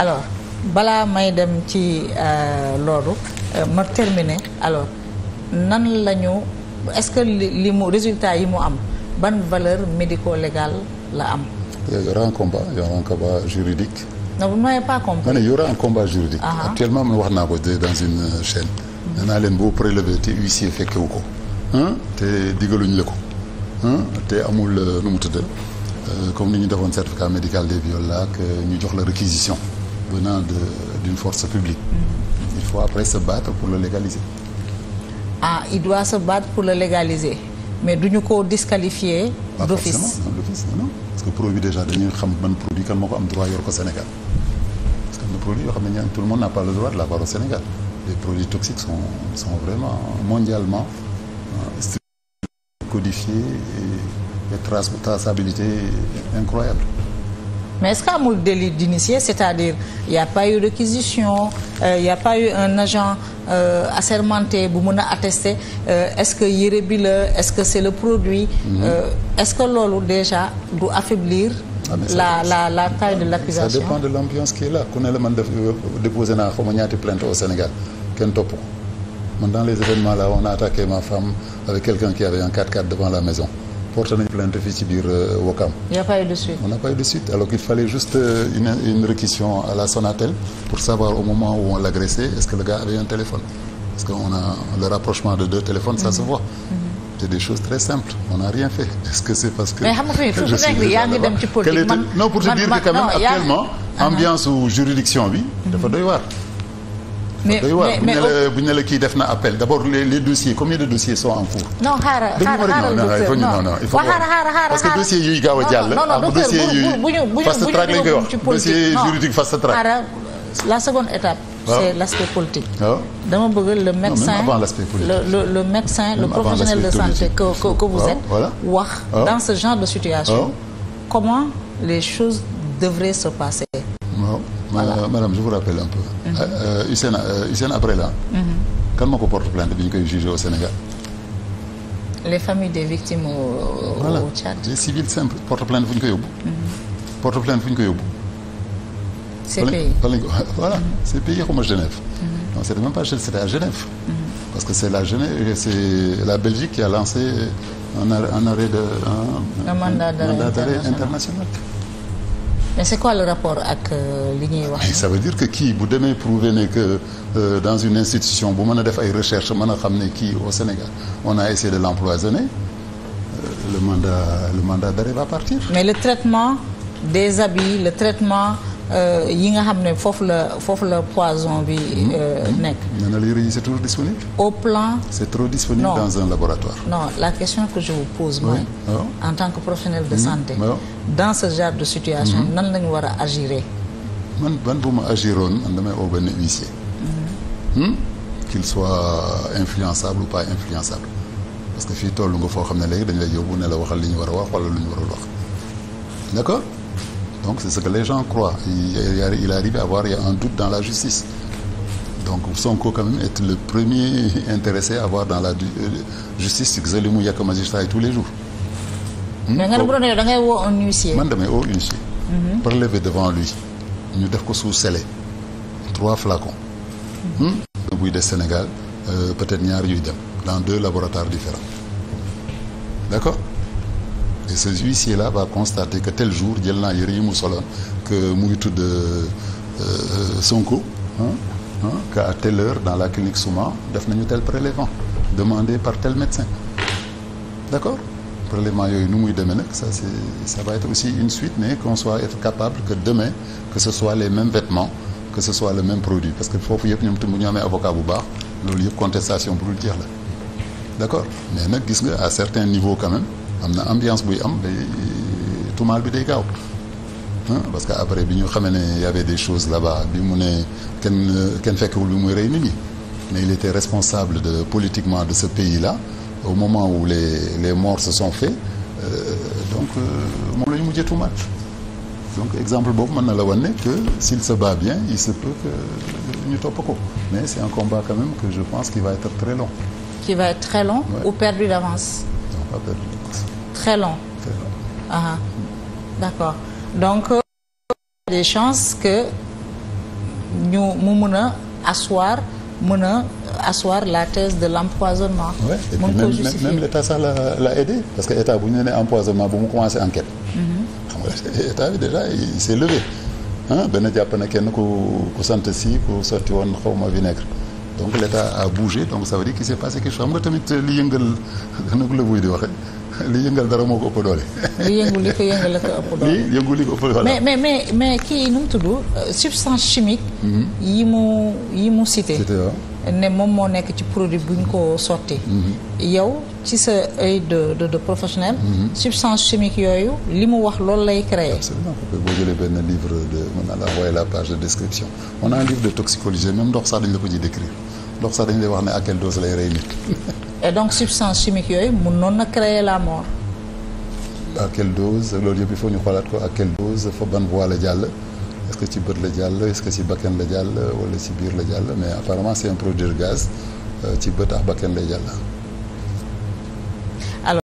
alors balaa may dem ci euh, loolu euh, ma terminer alors nan la ñu est-ce que li mu résultat yi mu am ban valeur médico-légale la am. il y aura un combat il y aura un combat juridique. non vous n'avez combat juridique. Ah. actuellement man wax naa ko dans une chaîne. nee mm. naa leen boo prélevé te huissier fekkewu ko. te digaluñ la ko. te amul euh, nu mu tudd comme ni ñu defoon certificat médical des viols là que ñu jox la réquisition. venant d'une force publique. Mm-hmm. Il faut après se battre pour le légaliser. ah il doit se battre pour le légaliser mais du duñu ko disqualifier d'office d'office non parce que produit déjà dañuy xam ban produit kan moo ko am droit yor Sénégal parce que am produit yoo xam ne tout le monde n'a pas le droit de l'avoir au Sénégal les produits toxiques sont sont vraiment mondialement euh, strictement codifiés et, et traçabilité incroyable mais est-ce qu'amul délit d'initié c'est-à-dire il y a pas eu réquisition euh, y a pas eu un agent euh, assermenté bu mën a attester euh, est-ce que yére bi la est-ce que c'est le produit mhm. euh, est-ce que loolu déjà du affaiblir Ah, la la la taille de l'accusation dépend de l'ambiance qui est là ku la man def déposé naa xaw ma ñaati plainte au Sénégal kenn topp ko man dans les événements là on a attaqué ma femme avec quelqu'un qui avait un 4 x devant la porté nañu plainte fii ci biir Wakam. Euh, a pas eu de on a pas de suite alors qu'il fallait juste euh, une une à la Sonatel pour savoir au moment où on l' est ce que le gars avait un téléphone parce que a le rapprochement de deux téléphones ça mhm. se voit. Mhm. c'est des choses très simples on n'a rien fait est-ce que c'est parce que. non pour te dire que quand ambiance ou juridiction bi. dafa mhm. doy waar. mais mais bu euh, la kii def na appel d' les les dossiers combien de dossiers sont en cours. non xaaral xaaral docteur non parce que dossier yuy gaaw a jàll. non non docteur bu wax dossier juridique fast track. xaaral la seconde étape. waaw c'est l'aspect politique. dama bëgg le médecin le le le professionnel de santé que vous êtes. wax dans ce genre de situation. comment les choses devraient se passer. voilà madame je vous rappelle un peu. Euh, euh, Hissène euh, Hissène après là mhm. kan moo ko porte plainte bi ñu koy jugé au Sénégal. les familles des victimes au, au voilà. Tchad. les civils simples mhm. porte plainte fu ñu ko yóbbu. porte plainte fu ñu ko yóbbu. ces pays voilà mhm. ces pays xuma Genève. non c'était même pas c'était à Genève. parce que c'est la Genève c'est la Belgique qui a lancé un arrêt un arrêt de un. un mandat d'arrêt international. mais c'est quoi le rapport ak euh, li ñuy wax. ça veut dire que kii bu demee prouver ne que euh, dans une institution bu mën a def ay recherche mën a xam ne kii au Sénégal on a essayé de l'empoisonner euh, le mandat le mandat d'arrêt va partir. mais le traitement des habits le traitement. Euh, yi nga xam ne foofu la foofu la poison bi hmm. Euh, hmm. nekk. nee na livre yi c'est toujours disponible. au plan c'est trop disponible non. dans un laboratoire. non la question que je vous pose. mooy ah en tant que professionnel de hmm. santé. Oh. dans ce genre de situation. nan la ñu war a agir. man ban bu ma agiroon man damay oo benn huissier. qu'il soit influençable ou pas influençable parce que fii toll nga foo xam ne léegi dañ lay yóbbu ne la waxal li ñu war a wax wala lu ñu warul wax d'accord Donc c'est ce que les gens croient. Il, arrive avoir il a un doute dans la justice. Donc Sonko quand même est le premier intéressé à avoir dans la euh, justice que Zélimou Yaka magistrat tous les jours. Hmm? mais nga ne bu doon yow da woo un huissier. man damay woo huissier. Mhm. prélever devant lui ñu def ko sous scellé trois flacons. Mhm. Hmm? buy des Sénégal euh, peut-être ñaar yuy dem dans deux laboratoires différents d'accord. et ce huissier la va constater que tel jour jël naa yëre yi mu soloon que mu ngi tudd euh, euh, Sonko que à telle heure dans la clinique Souma def nañu tel prélèvement demandé par tel médecin d'accord prélèvement yooyu nu muy demee nag ça c'est ça va être aussi une suite mais qu'on soit être capable que demain que ce soit les mêmes vêtements que ce soit le même produit parce que foofu yëpp ñoom tamit bu ñu amee avocat bu baax loolu yëpp contestation bu dul jeex la d'accord mais nag gis nga à certains niveaux quand am na ambiance buy am day tumaal bi day gaaw parce que après bi ñu xamee ne y avait des choses là-bas bi mu ne kenn kenn fekkewul bi muy rey nit ñi mais il était responsable de politiquement de ce pays-là au moment où les les morts se sont faits euh, donc euh, moom la ñu mujjee tuumaal donc exemple boobu mën na la wane que s'il se bat bien il se peut que ñu topp ko mais c'est un combat quand que je pense qu'il va être très long. qui va être très long. ou perdu d'avance. pas Très long. Très ah, ah. donc euh, des chances que ñu mu mën a asseoir mën a asseoir la thèse de l'empoisonnement ouais, et puis même, la la aidé parce que état bu ñu nee empoisonnement bu mu commencé enquête mm-hmm. xam état bi déjà il s'est levé ah dana jàpp kenn ku ku sant si ku sotti woon xaw vinaigre donc l'état a bougé donc ça veut dire qu'il s'est passé quelque chose tamit li yëngal nag la buy waxee li yëngal dara moo ko ëpp doole. li yëngu li ko yëngal la ko ëpp doole. li yëngu li ko mais mais mais mais kii nu mu tudd euh, substance chimique. Mhm. yi mu yi mu cité. ne moom moo nekk ci produit bu ñu ko sotti. Mhm. yow ci sa œil de de de professionnel. Mhm. substance chimique yooyu li mu wax loolu lay créer. absolument boo jëlee benn livre de mën naa la envoyer la page de description on a un livre de toxicologie même ndox sax dañ la ko ciy décrire ndox sax dañ lay wax ne à dose lay rey nit. et donc substance chimique yooyu mënoon na créer la mort. à quelle dose loolu yëpp il faut ñu xoolaat ko à quelle dose fa ban voie la jàll est que ci bët la jàll est-ce que ci bakkan la jàll wala ci biir la jàll mais apparemment c'est un produit de gaz euh, ci bët ak bakkan lay jàll.